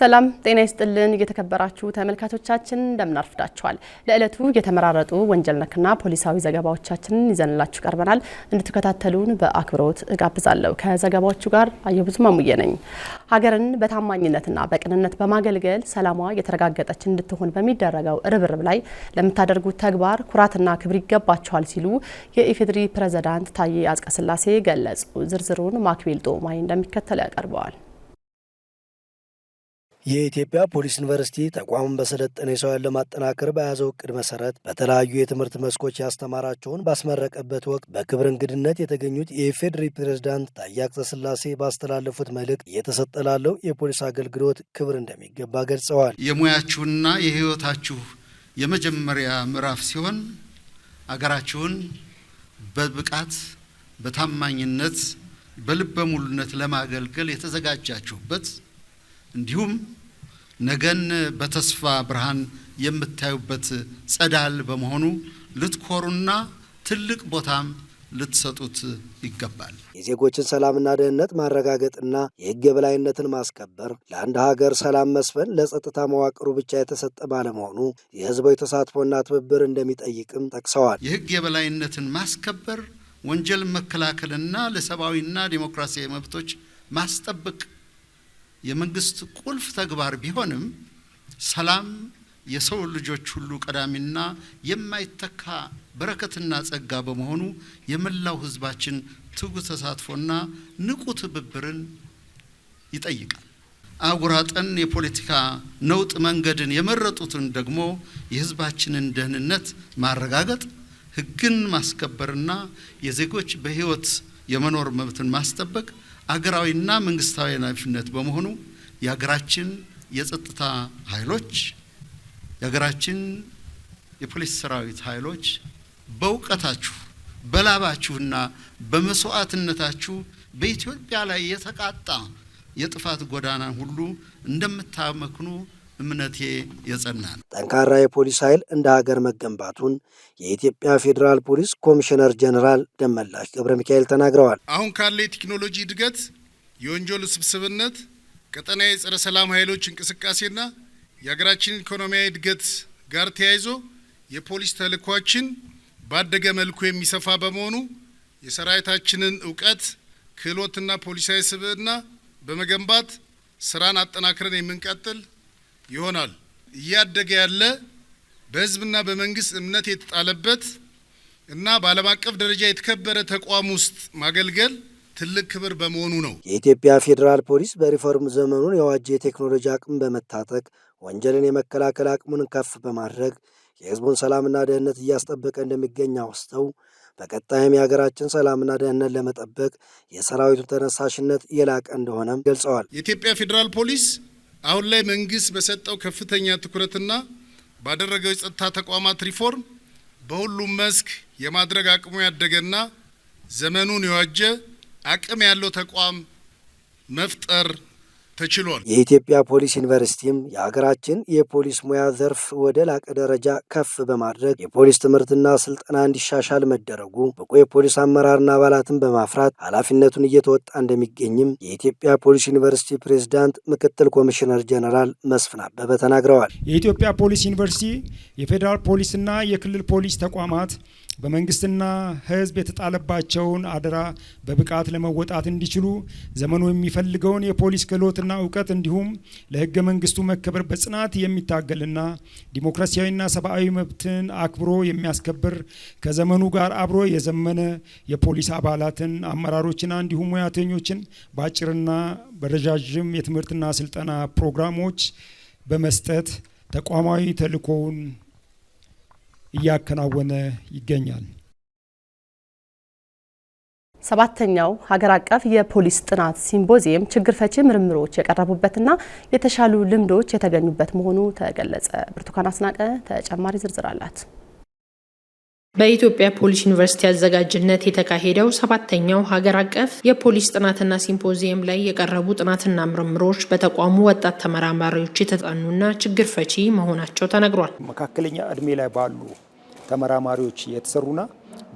ሰላም ጤና ይስጥልን። እየተከበራችሁ ተመልካቾቻችን እንደምን አርፍዳችኋል? ለዕለቱ የተመራረጡ ወንጀል ነክና ፖሊሳዊ ዘገባዎቻችንን ይዘንላችሁ ቀርበናል። እንድትከታተሉን በአክብሮት እጋብዛለሁ። ከዘገባዎቹ ጋር አየሁ ብዙ ማሙዬ ነኝ። ሀገርን በታማኝነትና በቅንነት በማገልገል ሰላሟ የተረጋገጠች እንድትሆን በሚደረገው ርብርብ ላይ ለምታደርጉት ተግባር ኩራትና ክብር ይገባችኋል ሲሉ የኢፌድሪ ፕሬዝዳንት ታዬ አጽቀሥላሴ ገለጹ። ዝርዝሩን ማክቤል ጦማይ እንደሚከተል ያቀርበዋል። የኢትዮጵያ ፖሊስ ዩኒቨርሲቲ ተቋሙን በሰለጠነ የሰው ለማጠናከር በያዘው እቅድ መሰረት በተለያዩ የትምህርት መስኮች ያስተማራቸውን ባስመረቀበት ወቅት በክብር እንግድነት የተገኙት የኢፌዴሪ ፕሬዝዳንት ታዬ አጽቀሥላሴ ባስተላለፉት መልእክት እየተሰጠ ላለው የፖሊስ አገልግሎት ክብር እንደሚገባ ገልጸዋል። የሙያችሁና የሕይወታችሁ የመጀመሪያ ምዕራፍ ሲሆን አገራችሁን በብቃት በታማኝነት በልበ ሙሉነት ለማገልገል የተዘጋጃችሁበት እንዲሁም ነገን በተስፋ ብርሃን የምታዩበት ጸዳል በመሆኑ ልትኮሩና ትልቅ ቦታም ልትሰጡት ይገባል። የዜጎችን ሰላምና ደህንነት ማረጋገጥና የሕግ የበላይነትን ማስከበር ለአንድ ሀገር ሰላም መስፈን ለጸጥታ መዋቅሩ ብቻ የተሰጠ ባለመሆኑ የሕዝቦች ተሳትፎና ትብብር እንደሚጠይቅም ጠቅሰዋል። የሕግ የበላይነትን ማስከበር ወንጀል መከላከልና ለሰብአዊና ዴሞክራሲያዊ መብቶች ማስጠበቅ የመንግስት ቁልፍ ተግባር ቢሆንም ሰላም የሰው ልጆች ሁሉ ቀዳሚና የማይተካ በረከትና ጸጋ በመሆኑ የመላው ህዝባችን ትጉህ ተሳትፎና ንቁ ትብብርን ይጠይቃል። አጉራጠን የፖለቲካ ነውጥ መንገድን የመረጡትን ደግሞ የህዝባችንን ደህንነት ማረጋገጥ፣ ህግን ማስከበርና የዜጎች በህይወት የመኖር መብትን ማስጠበቅ አገራዊና መንግስታዊ ኃላፊነት በመሆኑ የሀገራችን የጸጥታ ኃይሎች የሀገራችን የፖሊስ ሰራዊት ኃይሎች በእውቀታችሁ በላባችሁና በመስዋዕትነታችሁ በኢትዮጵያ ላይ የተቃጣ የጥፋት ጎዳናን ሁሉ እንደምታመክኑ እምነቴ የጸና ነው። ጠንካራ የፖሊስ ኃይል እንደ ሀገር መገንባቱን የኢትዮጵያ ፌዴራል ፖሊስ ኮሚሽነር ጀኔራል ደመላሽ ገብረ ሚካኤል ተናግረዋል። አሁን ካለ የቴክኖሎጂ እድገት፣ የወንጀል ውስብስብነት፣ ቀጠና የጸረ ሰላም ኃይሎች እንቅስቃሴና የሀገራችን ኢኮኖሚያዊ እድገት ጋር ተያይዞ የፖሊስ ተልእኳችን ባደገ መልኩ የሚሰፋ በመሆኑ የሰራዊታችንን እውቀት ክህሎትና ፖሊሳዊ ስብዕና በመገንባት ስራን አጠናክረን የምንቀጥል ይሆናል። እያደገ ያለ በህዝብና በመንግስት እምነት የተጣለበት እና በዓለም አቀፍ ደረጃ የተከበረ ተቋም ውስጥ ማገልገል ትልቅ ክብር በመሆኑ ነው። የኢትዮጵያ ፌዴራል ፖሊስ በሪፎርም ዘመኑን የዋጀ የቴክኖሎጂ አቅም በመታጠቅ ወንጀልን የመከላከል አቅሙን ከፍ በማድረግ የህዝቡን ሰላምና ደህንነት እያስጠበቀ እንደሚገኝ አውስተው በቀጣይም የሀገራችን ሰላምና ደህንነት ለመጠበቅ የሰራዊቱን ተነሳሽነት የላቀ እንደሆነም ገልጸዋል። የኢትዮጵያ ፌዴራል ፖሊስ አሁን ላይ መንግስት በሰጠው ከፍተኛ ትኩረትና ባደረገው የጸጥታ ተቋማት ሪፎርም በሁሉም መስክ የማድረግ አቅሙ ያደገና ዘመኑን የዋጀ አቅም ያለው ተቋም መፍጠር ተችሏል። የኢትዮጵያ ፖሊስ ዩኒቨርሲቲም የሀገራችን የፖሊስ ሙያ ዘርፍ ወደ ላቀ ደረጃ ከፍ በማድረግ የፖሊስ ትምህርትና ስልጠና እንዲሻሻል መደረጉ ብቁ የፖሊስ አመራርና አባላትን በማፍራት ኃላፊነቱን እየተወጣ እንደሚገኝም የኢትዮጵያ ፖሊስ ዩኒቨርሲቲ ፕሬዝዳንት ምክትል ኮሚሽነር ጀነራል መስፍን አበበ ተናግረዋል። የኢትዮጵያ ፖሊስ ዩኒቨርሲቲ የፌዴራል ፖሊስና የክልል ፖሊስ ተቋማት በመንግስትና ህዝብ የተጣለባቸውን አደራ በብቃት ለመወጣት እንዲችሉ ዘመኑ የሚፈልገውን የፖሊስ ክህሎትና እውቀት እንዲሁም ለህገ መንግስቱ መከበር በጽናት የሚታገልና ዲሞክራሲያዊና ሰብአዊ መብትን አክብሮ የሚያስከብር ከዘመኑ ጋር አብሮ የዘመነ የፖሊስ አባላትን አመራሮችና እንዲሁም ሙያተኞችን በአጭርና በረዣዥም የትምህርትና ስልጠና ፕሮግራሞች በመስጠት ተቋማዊ ተልእኮውን እያከናወነ ይገኛል። ሰባተኛው ሀገር አቀፍ የፖሊስ ጥናት ሲምፖዚየም ችግር ፈቺ ምርምሮች የቀረቡበትና የተሻሉ ልምዶች የተገኙበት መሆኑ ተገለጸ። ብርቱካን አስናቀ ተጨማሪ ዝርዝር አላት። በኢትዮጵያ ፖሊስ ዩኒቨርሲቲ አዘጋጅነት የተካሄደው ሰባተኛው ሀገር አቀፍ የፖሊስ ጥናትና ሲምፖዚየም ላይ የቀረቡ ጥናትና ምርምሮች በተቋሙ ወጣት ተመራማሪዎች የተጠኑና ችግር ፈቺ መሆናቸው ተነግሯል። መካከለኛ እድሜ ላይ ባሉ ተመራማሪዎች የተሰሩና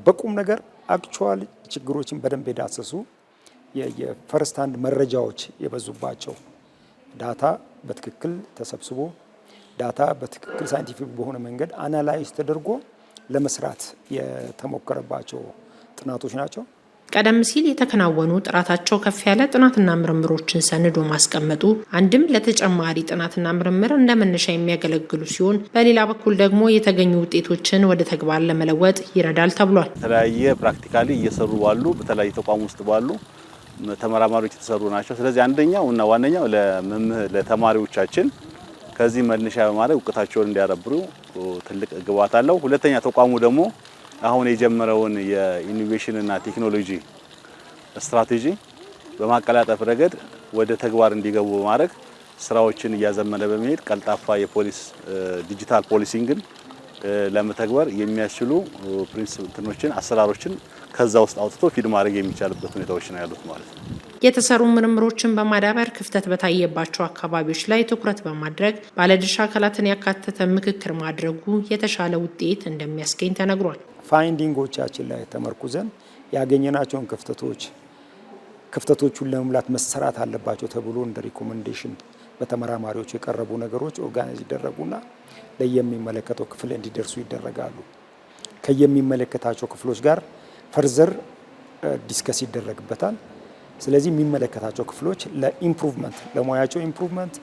በቁም ነገር አክቹዋል ችግሮችን በደንብ የዳሰሱ የፈርስት መረጃዎች የበዙባቸው ዳታ በትክክል ተሰብስቦ ዳታ በትክክል ሳይንቲፊክ በሆነ መንገድ አናላይዝ ተደርጎ ለመስራት የተሞከረባቸው ጥናቶች ናቸው። ቀደም ሲል የተከናወኑ ጥራታቸው ከፍ ያለ ጥናትና ምርምሮችን ሰንዶ ማስቀመጡ አንድም ለተጨማሪ ጥናትና ምርምር እንደ መነሻ የሚያገለግሉ ሲሆን፣ በሌላ በኩል ደግሞ የተገኙ ውጤቶችን ወደ ተግባር ለመለወጥ ይረዳል ተብሏል። የተለያየ ፕራክቲካሊ እየሰሩ ባሉ በተለያየ ተቋም ውስጥ ባሉ ተመራማሪዎች የተሰሩ ናቸው። ስለዚህ አንደኛው እና ዋነኛው ለተማሪዎቻችን ከዚህ መነሻ በማድረግ እውቀታቸውን እንዲያዳብሩ ትልቅ ግብዓት አለው። ሁለተኛ ተቋሙ ደግሞ አሁን የጀመረውን የኢኖቬሽንና ቴክኖሎጂ ስትራቴጂ በማቀላጠፍ ረገድ ወደ ተግባር እንዲገቡ በማድረግ ስራዎችን እያዘመነ በመሄድ ቀልጣፋ የፖሊስ ዲጂታል ፖሊሲንግን ለመተግበር የሚያስችሉ ፕሪንስ እንትኖችን አሰራሮችን ከዛ ውስጥ አውጥቶ ፊድ ማድረግ የሚቻልበት ሁኔታዎች ነው ያሉት ማለት ነው። የተሰሩ ምርምሮችን በማዳበር ክፍተት በታየባቸው አካባቢዎች ላይ ትኩረት በማድረግ ባለድርሻ አካላትን ያካተተ ምክክር ማድረጉ የተሻለ ውጤት እንደሚያስገኝ ተነግሯል። ፋይንዲንጎቻችን ላይ ተመርኩዘን ያገኘናቸውን ክፍተቶች ክፍተቶቹን ለመሙላት መሰራት አለባቸው ተብሎ እንደ ሪኮመንዴሽን በተመራማሪዎች የቀረቡ ነገሮች ኦርጋናይዝ ይደረጉና ለየሚመለከተው ክፍል እንዲደርሱ ይደረጋሉ። ከየሚመለከታቸው ክፍሎች ጋር ፈርዘር ዲስከስ ይደረግበታል። ስለዚህ የሚመለከታቸው ክፍሎች ለኢምፕሩቭመንት ለሙያቸው ኢምፕሩቭመንት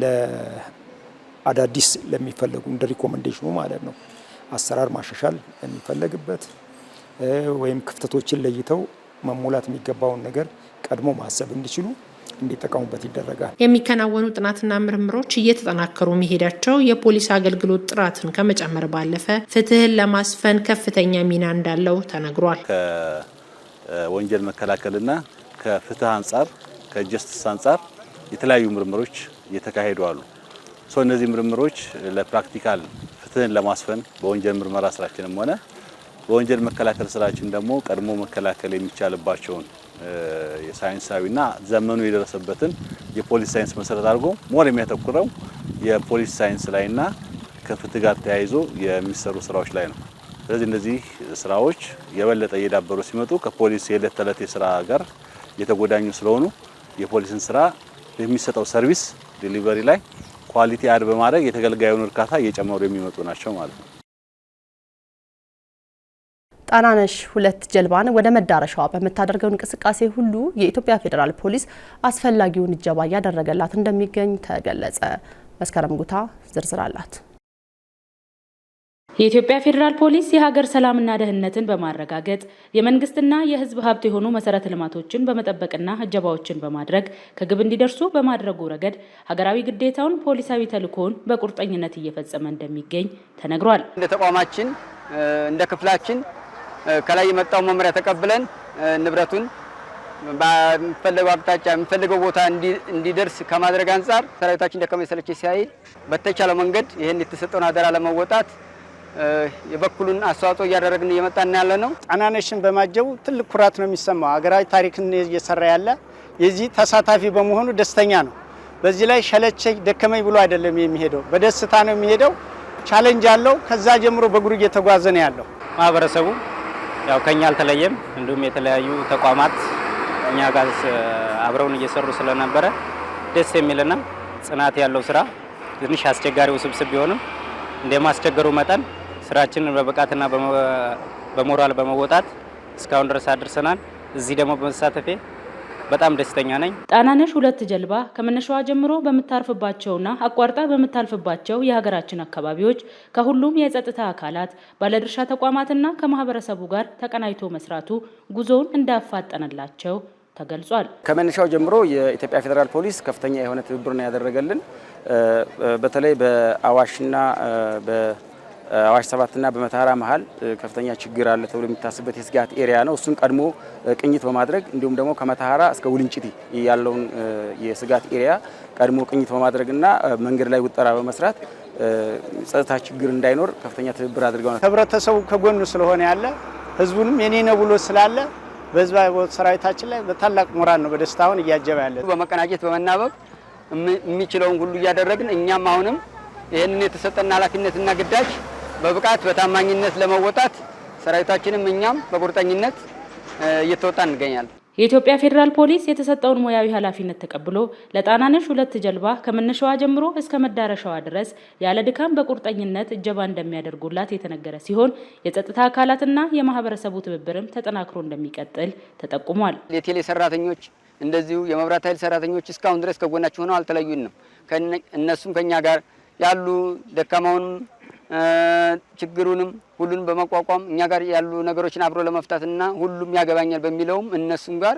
ለአዳዲስ ለሚፈለጉ እንደ ሪኮመንዴሽኑ ማለት ነው አሰራር ማሻሻል የሚፈለግበት ወይም ክፍተቶችን ለይተው መሙላት የሚገባውን ነገር ቀድሞ ማሰብ እንዲችሉ እንዲጠቀሙበት ይደረጋል። የሚከናወኑ ጥናትና ምርምሮች እየተጠናከሩ መሄዳቸው የፖሊስ አገልግሎት ጥራትን ከመጨመር ባለፈ ፍትህን ለማስፈን ከፍተኛ ሚና እንዳለው ተነግሯል። ከወንጀል መከላከልና ከፍትህ አንጻር ከጀስትስ አንጻር የተለያዩ ምርምሮች እየተካሄዱ አሉ። እነዚህ ምርምሮች ለፕራክቲካል ፍትህን ለማስፈን በወንጀል ምርመራ ስራችንም ሆነ በወንጀል መከላከል ስራችን ደግሞ ቀድሞ መከላከል የሚቻልባቸውን የሳይንሳዊና ዘመኑ የደረሰበትን የፖሊስ ሳይንስ መሰረት አድርጎ ሞር የሚያተኩረው የፖሊስ ሳይንስ ላይና ከፍትህ ጋር ተያይዞ የሚሰሩ ስራዎች ላይ ነው። ስለዚህ እነዚህ ስራዎች የበለጠ እየዳበሩ ሲመጡ ከፖሊስ የዕለት ተዕለት የስራ ጋር የተጎዳኙ ስለሆኑ የፖሊስን ስራ የሚሰጠው ሰርቪስ ዲሊቨሪ ላይ ኳሊቲ አድ በማድረግ የተገልጋዩን እርካታ እየጨመሩ የሚመጡ ናቸው ማለት ነው። ጣናነሽ ሁለት ጀልባን ወደ መዳረሻዋ በምታደርገው እንቅስቃሴ ሁሉ የኢትዮጵያ ፌዴራል ፖሊስ አስፈላጊውን እጀባ እያደረገላት እንደሚገኝ ተገለጸ። መስከረም ጉታ ዝርዝር አላት። የኢትዮጵያ ፌዴራል ፖሊስ የሀገር ሰላምና ደህንነትን በማረጋገጥ የመንግስትና የሕዝብ ሀብት የሆኑ መሰረተ ልማቶችን በመጠበቅና እጀባዎችን በማድረግ ከግብ እንዲደርሱ በማድረጉ ረገድ ሀገራዊ ግዴታውን ፖሊሳዊ ተልዕኮውን በቁርጠኝነት እየፈጸመ እንደሚገኝ ተነግሯል። እንደ ተቋማችን እንደ ክፍላችን ከላይ የመጣው መመሪያ ተቀብለን ንብረቱን በሚፈለገው አቅጣጫ የሚፈለገው ቦታ እንዲደርስ ከማድረግ አንጻር ሰራዊታችን ደከመኝ ሰለቸኝ ሳይል በተቻለው መንገድ ይህን የተሰጠውን አደራ ለመወጣት የበኩሉን አስተዋጽኦ እያደረግን እየመጣን ያለ ነው። ጣናነሽን በማጀቡ ትልቅ ኩራት ነው የሚሰማው። ሀገራዊ ታሪክን እየሰራ ያለ የዚህ ተሳታፊ በመሆኑ ደስተኛ ነው። በዚህ ላይ ሸለቸኝ ደከመኝ ብሎ አይደለም የሚሄደው፣ በደስታ ነው የሚሄደው። ቻለንጅ አለው። ከዛ ጀምሮ በእግሩ እየተጓዘ ነው ያለው ማህበረሰቡ ያው ከኛ አልተለየም። እንዲሁም የተለያዩ ተቋማት እኛ ጋር አብረውን እየሰሩ ስለነበረ ደስ የሚልና ጽናት ያለው ስራ ትንሽ አስቸጋሪ ውስብስብ ቢሆንም እንደማስቸገሩ መጠን ስራችንን በብቃትና በሞራል በመወጣት እስካሁን ድረስ አድርሰናል። እዚህ ደግሞ በመሳተፌ በጣም ደስተኛ ነኝ። ጣናነሽ ሁለት ጀልባ ከመነሻዋ ጀምሮ በምታርፍባቸውና አቋርጣ በምታልፍባቸው የሀገራችን አካባቢዎች ከሁሉም የጸጥታ አካላት ባለድርሻ ተቋማትና ከማህበረሰቡ ጋር ተቀናይቶ መስራቱ ጉዞውን እንዳፋጠነላቸው ተገልጿል። ከመነሻው ጀምሮ የኢትዮጵያ ፌዴራል ፖሊስ ከፍተኛ የሆነ ትብብር ነው ያደረገልን በተለይ በአዋሽና አዋሽ ሰባትና በመተሃራ መሀል ከፍተኛ ችግር አለ ተብሎ የሚታስበት የስጋት ኤሪያ ነው። እሱን ቀድሞ ቅኝት በማድረግ እንዲሁም ደግሞ ከመተሃራ እስከ ውልንጭቲ ያለውን የስጋት ኤሪያ ቀድሞ ቅኝት በማድረግና መንገድ ላይ ውጠራ በመስራት ጸጥታ ችግር እንዳይኖር ከፍተኛ ትብብር አድርገው ነው። ህብረተሰቡ ከጎኑ ስለሆነ ያለ ህዝቡንም የኔ ነው ብሎ ስላለ በህዝባ ሰራዊታችን ላይ በታላቅ ሞራል ነው በደስታውን እያጀበ ያለ በመቀናጀት በመናበብ የሚችለውን ሁሉ እያደረግን እኛም አሁንም ይህንን የተሰጠን ኃላፊነትና ግዳጅ በብቃት በታማኝነት ለመወጣት ሰራዊታችንም እኛም በቁርጠኝነት እየተወጣ እንገኛለን። የኢትዮጵያ ፌዴራል ፖሊስ የተሰጠውን ሙያዊ ኃላፊነት ተቀብሎ ለጣናነሽ ሁለት ጀልባ ከመነሻዋ ጀምሮ እስከ መዳረሻዋ ድረስ ያለ ድካም በቁርጠኝነት እጀባ እንደሚያደርጉላት የተነገረ ሲሆን የጸጥታ አካላትና የማህበረሰቡ ትብብርም ተጠናክሮ እንደሚቀጥል ተጠቁሟል። የቴሌ ሰራተኞች እንደዚሁ የመብራት ኃይል ሰራተኞች እስካሁን ድረስ ከጎናቸው ሆነው አልተለዩን ነው። እነሱም ከኛ ጋር ያሉ ደካማውንም ችግሩንም ሁሉንም በመቋቋም እኛ ጋር ያሉ ነገሮችን አብሮ ለመፍታትና ሁሉም ያገባኛል በሚለውም እነሱም ጋር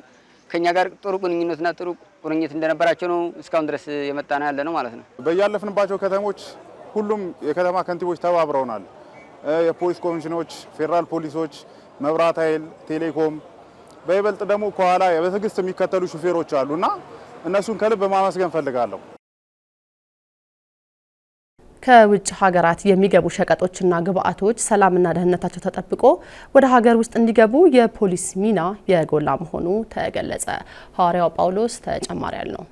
ከእኛ ጋር ጥሩ ግንኙነትና ጥሩ ቁርኝት እንደነበራቸው ነው እስካሁን ድረስ የመጣ ነው ያለ ነው ማለት ነው። በያለፍንባቸው ከተሞች ሁሉም የከተማ ከንቲቦች ተባብረውናል። የፖሊስ ኮሚሽኖች፣ ፌዴራል ፖሊሶች፣ መብራት ኃይል፣ ቴሌኮም በይበልጥ ደግሞ ከኋላ በትዕግስት የሚከተሉ ሹፌሮች እና እነሱን ከልብ ማመስገን ፈልጋለሁ። ከውጭ ሀገራት የሚገቡ ሸቀጦችና ግብአቶች ሰላምና ደህንነታቸው ተጠብቆ ወደ ሀገር ውስጥ እንዲገቡ የፖሊስ ሚና የጎላ መሆኑ ተገለጸ። ሐዋርያው ጳውሎስ ተጨማሪ ያለው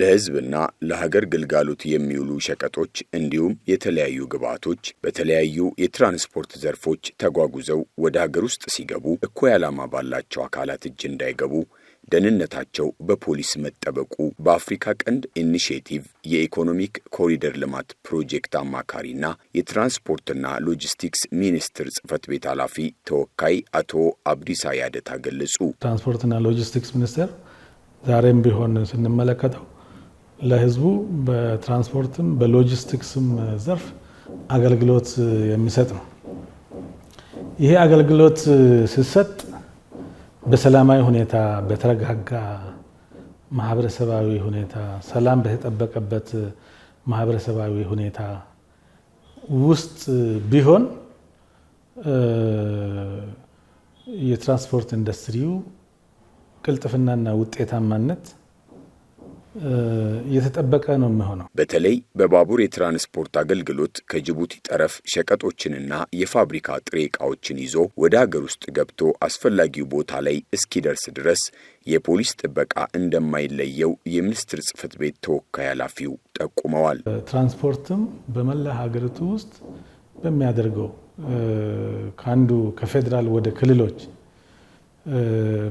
ለህዝብና ለሀገር ግልጋሎት የሚውሉ ሸቀጦች እንዲሁም የተለያዩ ግብአቶች በተለያዩ የትራንስፖርት ዘርፎች ተጓጉዘው ወደ ሀገር ውስጥ ሲገቡ እኩይ ዓላማ ባላቸው አካላት እጅ እንዳይገቡ ደህንነታቸው በፖሊስ መጠበቁ በአፍሪካ ቀንድ ኢኒሽቲቭ የኢኮኖሚክ ኮሪደር ልማት ፕሮጀክት አማካሪና የትራንስፖርትና ሎጂስቲክስ ሚኒስትር ጽህፈት ቤት ኃላፊ ተወካይ አቶ አብዲሳ ያደታ ገለጹ። ትራንስፖርትና ሎጂስቲክስ ሚኒስቴር ዛሬም ቢሆን ስንመለከተው ለህዝቡ በትራንስፖርትም በሎጂስቲክስም ዘርፍ አገልግሎት የሚሰጥ ነው። ይሄ አገልግሎት ሲሰጥ በሰላማዊ ሁኔታ በተረጋጋ ማህበረሰባዊ ሁኔታ ሰላም በተጠበቀበት ማህበረሰባዊ ሁኔታ ውስጥ ቢሆን የትራንስፖርት ኢንዱስትሪው ቅልጥፍናና ውጤታማነት እየተጠበቀ ነው የሚሆነው። በተለይ በባቡር የትራንስፖርት አገልግሎት ከጅቡቲ ጠረፍ ሸቀጦችንና የፋብሪካ ጥሬ እቃዎችን ይዞ ወደ ሀገር ውስጥ ገብቶ አስፈላጊው ቦታ ላይ እስኪደርስ ድረስ የፖሊስ ጥበቃ እንደማይለየው የሚኒስትር ጽህፈት ቤት ተወካይ ኃላፊው ጠቁመዋል። ትራንስፖርትም በመላ ሀገሪቱ ውስጥ በሚያደርገው ከአንዱ ከፌዴራል ወደ ክልሎች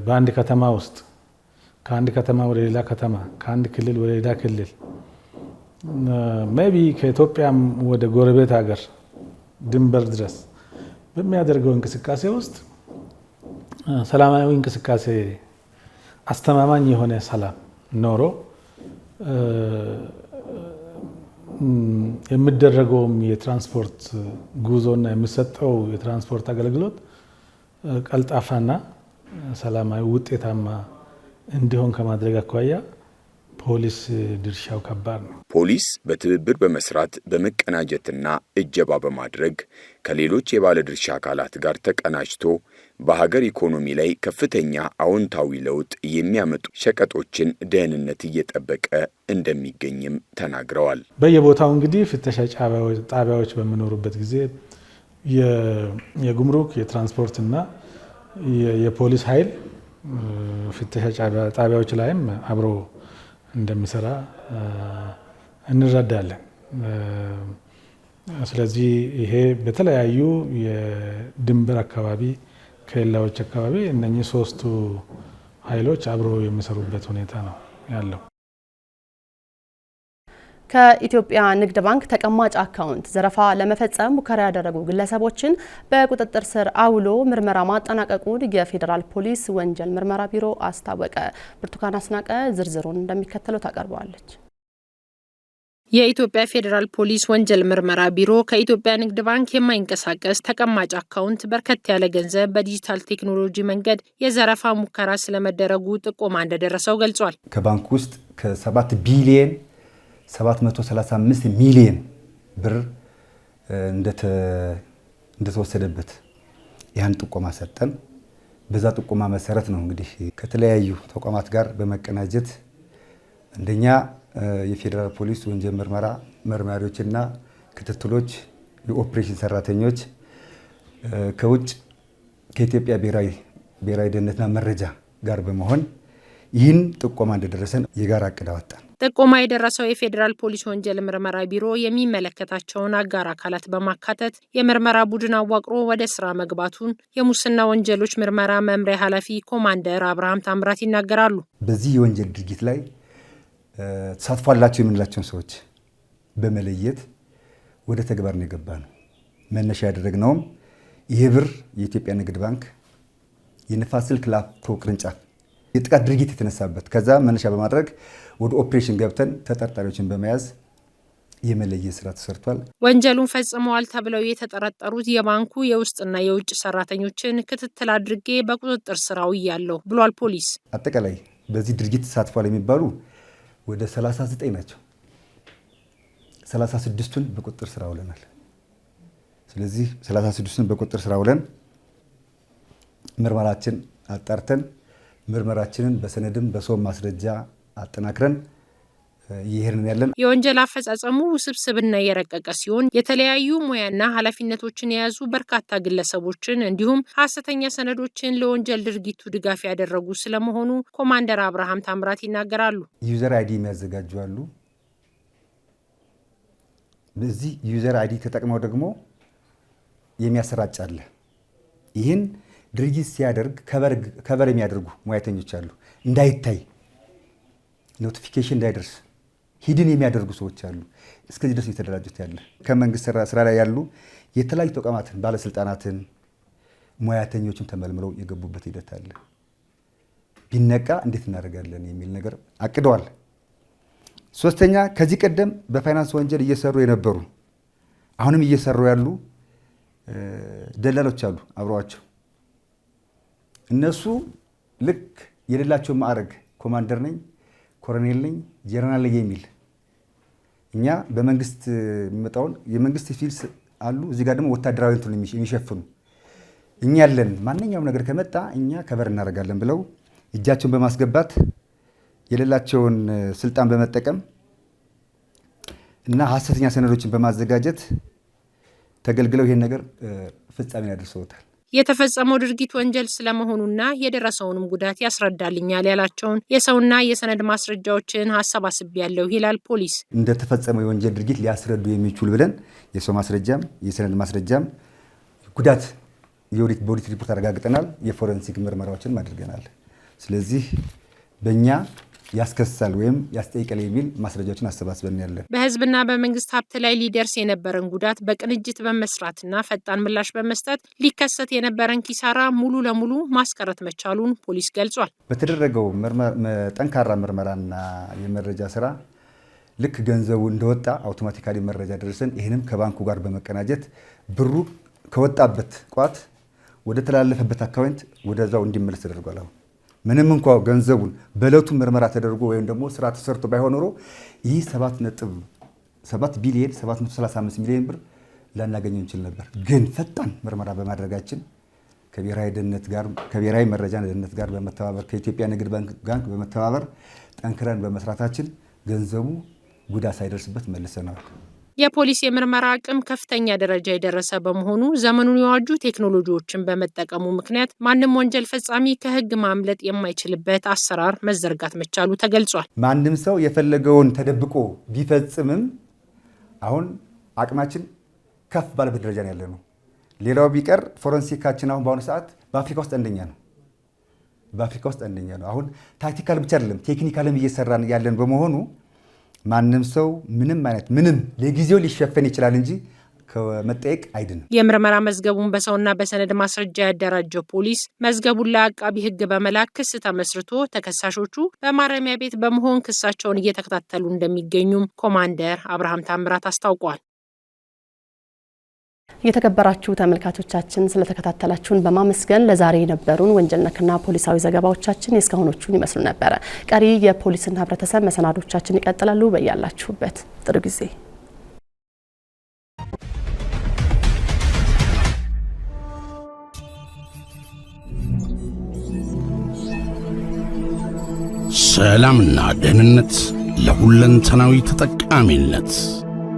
በአንድ ከተማ ውስጥ ከአንድ ከተማ ወደ ሌላ ከተማ፣ ከአንድ ክልል ወደ ሌላ ክልል ሜቢ ከኢትዮጵያም ወደ ጎረቤት ሀገር ድንበር ድረስ በሚያደርገው እንቅስቃሴ ውስጥ ሰላማዊ እንቅስቃሴ አስተማማኝ የሆነ ሰላም ኖሮ የሚደረገውም የትራንስፖርት ጉዞና የሚሰጠው የትራንስፖርት አገልግሎት ቀልጣፋና ሰላማዊ ውጤታማ እንዲሆን ከማድረግ አኳያ ፖሊስ ድርሻው ከባድ ነው። ፖሊስ በትብብር በመስራት በመቀናጀትና እጀባ በማድረግ ከሌሎች የባለድርሻ አካላት ጋር ተቀናጅቶ በሀገር ኢኮኖሚ ላይ ከፍተኛ አዎንታዊ ለውጥ የሚያመጡ ሸቀጦችን ደህንነት እየጠበቀ እንደሚገኝም ተናግረዋል። በየቦታው እንግዲህ ፍተሻ ጣቢያዎች በሚኖሩበት ጊዜ የጉምሩክ የትራንስፖርትና የፖሊስ ኃይል ፍተሻ ጣቢያዎች ላይም አብሮ እንደሚሰራ እንረዳለን። ስለዚህ ይሄ በተለያዩ የድንበር አካባቢ ከሌላዎች አካባቢ እነኚህ ሶስቱ ኃይሎች አብሮ የሚሰሩበት ሁኔታ ነው ያለው። ከኢትዮጵያ ንግድ ባንክ ተቀማጭ አካውንት ዘረፋ ለመፈጸም ሙከራ ያደረጉ ግለሰቦችን በቁጥጥር ስር አውሎ ምርመራ ማጠናቀቁን የፌዴራል ፖሊስ ወንጀል ምርመራ ቢሮ አስታወቀ። ብርቱካን አስናቀ ዝርዝሩን እንደሚከተለው ታቀርበዋለች። የኢትዮጵያ ፌዴራል ፖሊስ ወንጀል ምርመራ ቢሮ ከኢትዮጵያ ንግድ ባንክ የማይንቀሳቀስ ተቀማጭ አካውንት በርከት ያለ ገንዘብ በዲጂታል ቴክኖሎጂ መንገድ የዘረፋ ሙከራ ስለመደረጉ ጥቆማ እንደደረሰው ገልጿል። ከባንክ ውስጥ ከሰባት ቢሊየን 735 ሚሊዮን ብር እንደተወሰደበት ያን ጥቆማ ሰጠን። በዛ ጥቆማ መሰረት ነው እንግዲህ ከተለያዩ ተቋማት ጋር በመቀናጀት አንደኛ የፌዴራል ፖሊስ ወንጀል ምርመራ መርማሪዎችና ክትትሎች፣ የኦፕሬሽን ሰራተኞች ከውጭ ከኢትዮጵያ ብሔራዊ ብሔራዊ ደህንነትና መረጃ ጋር በመሆን ይህን ጥቆማ እንደደረሰን የጋራ እቅድ አወጣን። ጥቆማ የደረሰው የፌዴራል ፖሊስ ወንጀል ምርመራ ቢሮ የሚመለከታቸውን አጋር አካላት በማካተት የምርመራ ቡድን አዋቅሮ ወደ ስራ መግባቱን የሙስና ወንጀሎች ምርመራ መምሪያ ኃላፊ ኮማንደር አብርሃም ታምራት ይናገራሉ። በዚህ የወንጀል ድርጊት ላይ ተሳትፏላቸው የምንላቸውን ሰዎች በመለየት ወደ ተግባር ነው የገባ ነው። መነሻ ያደረግነውም ይህ ብር የኢትዮጵያ ንግድ ባንክ የንፋስ ስልክ ላፍቶ ቅርንጫፍ የጥቃት ድርጊት የተነሳበት ከዛ መነሻ በማድረግ ወደ ኦፕሬሽን ገብተን ተጠርጣሪዎችን በመያዝ የመለየ ስራ ተሰርቷል። ወንጀሉን ፈጽመዋል ተብለው የተጠረጠሩት የባንኩ የውስጥና የውጭ ሰራተኞችን ክትትል አድርጌ በቁጥጥር ስር አውያለሁ ብሏል ፖሊስ። አጠቃላይ በዚህ ድርጊት ተሳትፏል የሚባሉ ወደ 39 ናቸው። 36ቱን በቁጥጥር ስር አውለናል። ስለዚህ 36ቱን በቁጥጥር ስር አውለን ምርመራችን አጣርተን ምርመራችንን በሰነድም በሰው ማስረጃ አጠናክረን ይህንን ያለን የወንጀል አፈጻጸሙ ውስብስብና የረቀቀ ሲሆን የተለያዩ ሙያና ኃላፊነቶችን የያዙ በርካታ ግለሰቦችን እንዲሁም ሀሰተኛ ሰነዶችን ለወንጀል ድርጊቱ ድጋፍ ያደረጉ ስለመሆኑ ኮማንደር አብርሃም ታምራት ይናገራሉ። ዩዘር አይዲ የሚያዘጋጁ አሉ። በዚህ ዩዘር አይዲ ተጠቅመው ደግሞ የሚያሰራጫለ ይህን ድርጊት ሲያደርግ ከበር የሚያደርጉ ሙያተኞች አሉ። እንዳይታይ ኖቲፊኬሽን እንዳይደርስ ሂድን የሚያደርጉ ሰዎች አሉ። እስከዚህ ድረስ የተደራጁት ያለ ከመንግስት ስራ ላይ ያሉ የተለያዩ ተቋማትን ባለስልጣናትን ሙያተኞችን ተመልምለው የገቡበት ሂደት አለ። ቢነቃ እንዴት እናደርጋለን የሚል ነገር አቅደዋል። ሶስተኛ ከዚህ ቀደም በፋይናንስ ወንጀል እየሰሩ የነበሩ አሁንም እየሰሩ ያሉ ደላሎች አሉ አብረዋቸው እነሱ ልክ የሌላቸው ማዕረግ ኮማንደር ነኝ፣ ኮሎኔል ነኝ፣ ጀነራል ነኝ የሚል እኛ በመንግስት የሚመጣውን የመንግስት ፊልስ አሉ። እዚህ ጋር ደግሞ ወታደራዊ እንትን የሚሸፍኑ እኛ ያለን ማንኛውም ነገር ከመጣ እኛ ከበር እናደርጋለን ብለው እጃቸውን በማስገባት የሌላቸውን ስልጣን በመጠቀም እና ሀሰተኛ ሰነዶችን በማዘጋጀት ተገልግለው ይሄን ነገር ፍጻሜ ያደርሰውታል። የተፈጸመው ድርጊት ወንጀል ስለመሆኑና የደረሰውንም ጉዳት ያስረዳልኛል ያላቸውን የሰውና የሰነድ ማስረጃዎችን አሰባስብ ያለው ይላል ፖሊስ። እንደተፈጸመው የወንጀል ድርጊት ሊያስረዱ የሚችሉ ብለን የሰው ማስረጃም የሰነድ ማስረጃም ጉዳት በኦዲት ሪፖርት አረጋግጠናል። የፎረንሲክ ምርመራዎችን አድርገናል። ስለዚህ በእኛ ያስከሳል ወይም ያስጠይቃል የሚል ማስረጃዎችን አሰባስበን ያለን። በህዝብና በመንግስት ሀብት ላይ ሊደርስ የነበረን ጉዳት በቅንጅት በመስራትና ፈጣን ምላሽ በመስጠት ሊከሰት የነበረን ኪሳራ ሙሉ ለሙሉ ማስቀረት መቻሉን ፖሊስ ገልጿል። በተደረገው ጠንካራ ምርመራና የመረጃ ስራ ልክ ገንዘቡ እንደወጣ አውቶማቲካሊ መረጃ ደርሰን ይህንም ከባንኩ ጋር በመቀናጀት ብሩ ከወጣበት ቋት ወደ ተላለፈበት አካውንት ወደዛው እንዲመለስ ተደርጓል። አሁን ምንም እንኳ ገንዘቡን በዕለቱ ምርመራ ተደርጎ ወይም ደግሞ ስራ ተሰርቶ ባይሆን ኖሮ ይህ 7 ቢሊዮን 735 ሚሊዮን ብር ላናገኘ እንችል ነበር። ግን ፈጣን ምርመራ በማድረጋችን ከብሔራዊ መረጃ ደህንነት ጋር በመተባበር ከኢትዮጵያ ንግድ ባንክ በመተባበር ጠንክረን በመስራታችን ገንዘቡ ጉዳት ሳይደርስበት መልሰናል። የፖሊስ የምርመራ አቅም ከፍተኛ ደረጃ የደረሰ በመሆኑ ዘመኑን የዋጁ ቴክኖሎጂዎችን በመጠቀሙ ምክንያት ማንም ወንጀል ፈጻሚ ከህግ ማምለጥ የማይችልበት አሰራር መዘርጋት መቻሉ ተገልጿል። ማንም ሰው የፈለገውን ተደብቆ ቢፈጽምም አሁን አቅማችን ከፍ ባለበት ደረጃ ነው ያለ ነው። ሌላው ቢቀር ፎረንሲካችን አሁን በአሁኑ ሰዓት በአፍሪካ ውስጥ አንደኛ ነው። በአፍሪካ ውስጥ አንደኛ ነው። አሁን ታክቲካል ብቻ አይደለም ቴክኒካልም እየሰራን ያለን በመሆኑ ማንም ሰው ምንም አይነት ምንም ለጊዜው ሊሸፈን ይችላል እንጂ ከመጠየቅ አይድንም። የምርመራ መዝገቡን በሰውና በሰነድ ማስረጃ ያደራጀው ፖሊስ መዝገቡን ለአቃቢ ሕግ በመላክ ክስ ተመስርቶ ተከሳሾቹ በማረሚያ ቤት በመሆን ክሳቸውን እየተከታተሉ እንደሚገኙም ኮማንደር አብርሃም ታምራት አስታውቋል። የተከበራችሁ ተመልካቾቻችን ስለተከታተላችሁን በማመስገን ለዛሬ የነበሩን ወንጀል ነክና ፖሊሳዊ ዘገባዎቻችን የእስካሁኖቹን ይመስሉ ነበረ። ቀሪ የፖሊስና ህብረተሰብ መሰናዶቻችን ይቀጥላሉ። በያላችሁበት ጥሩ ጊዜ ሰላምና ደህንነት ለሁለንተናዊ ተጠቃሚነት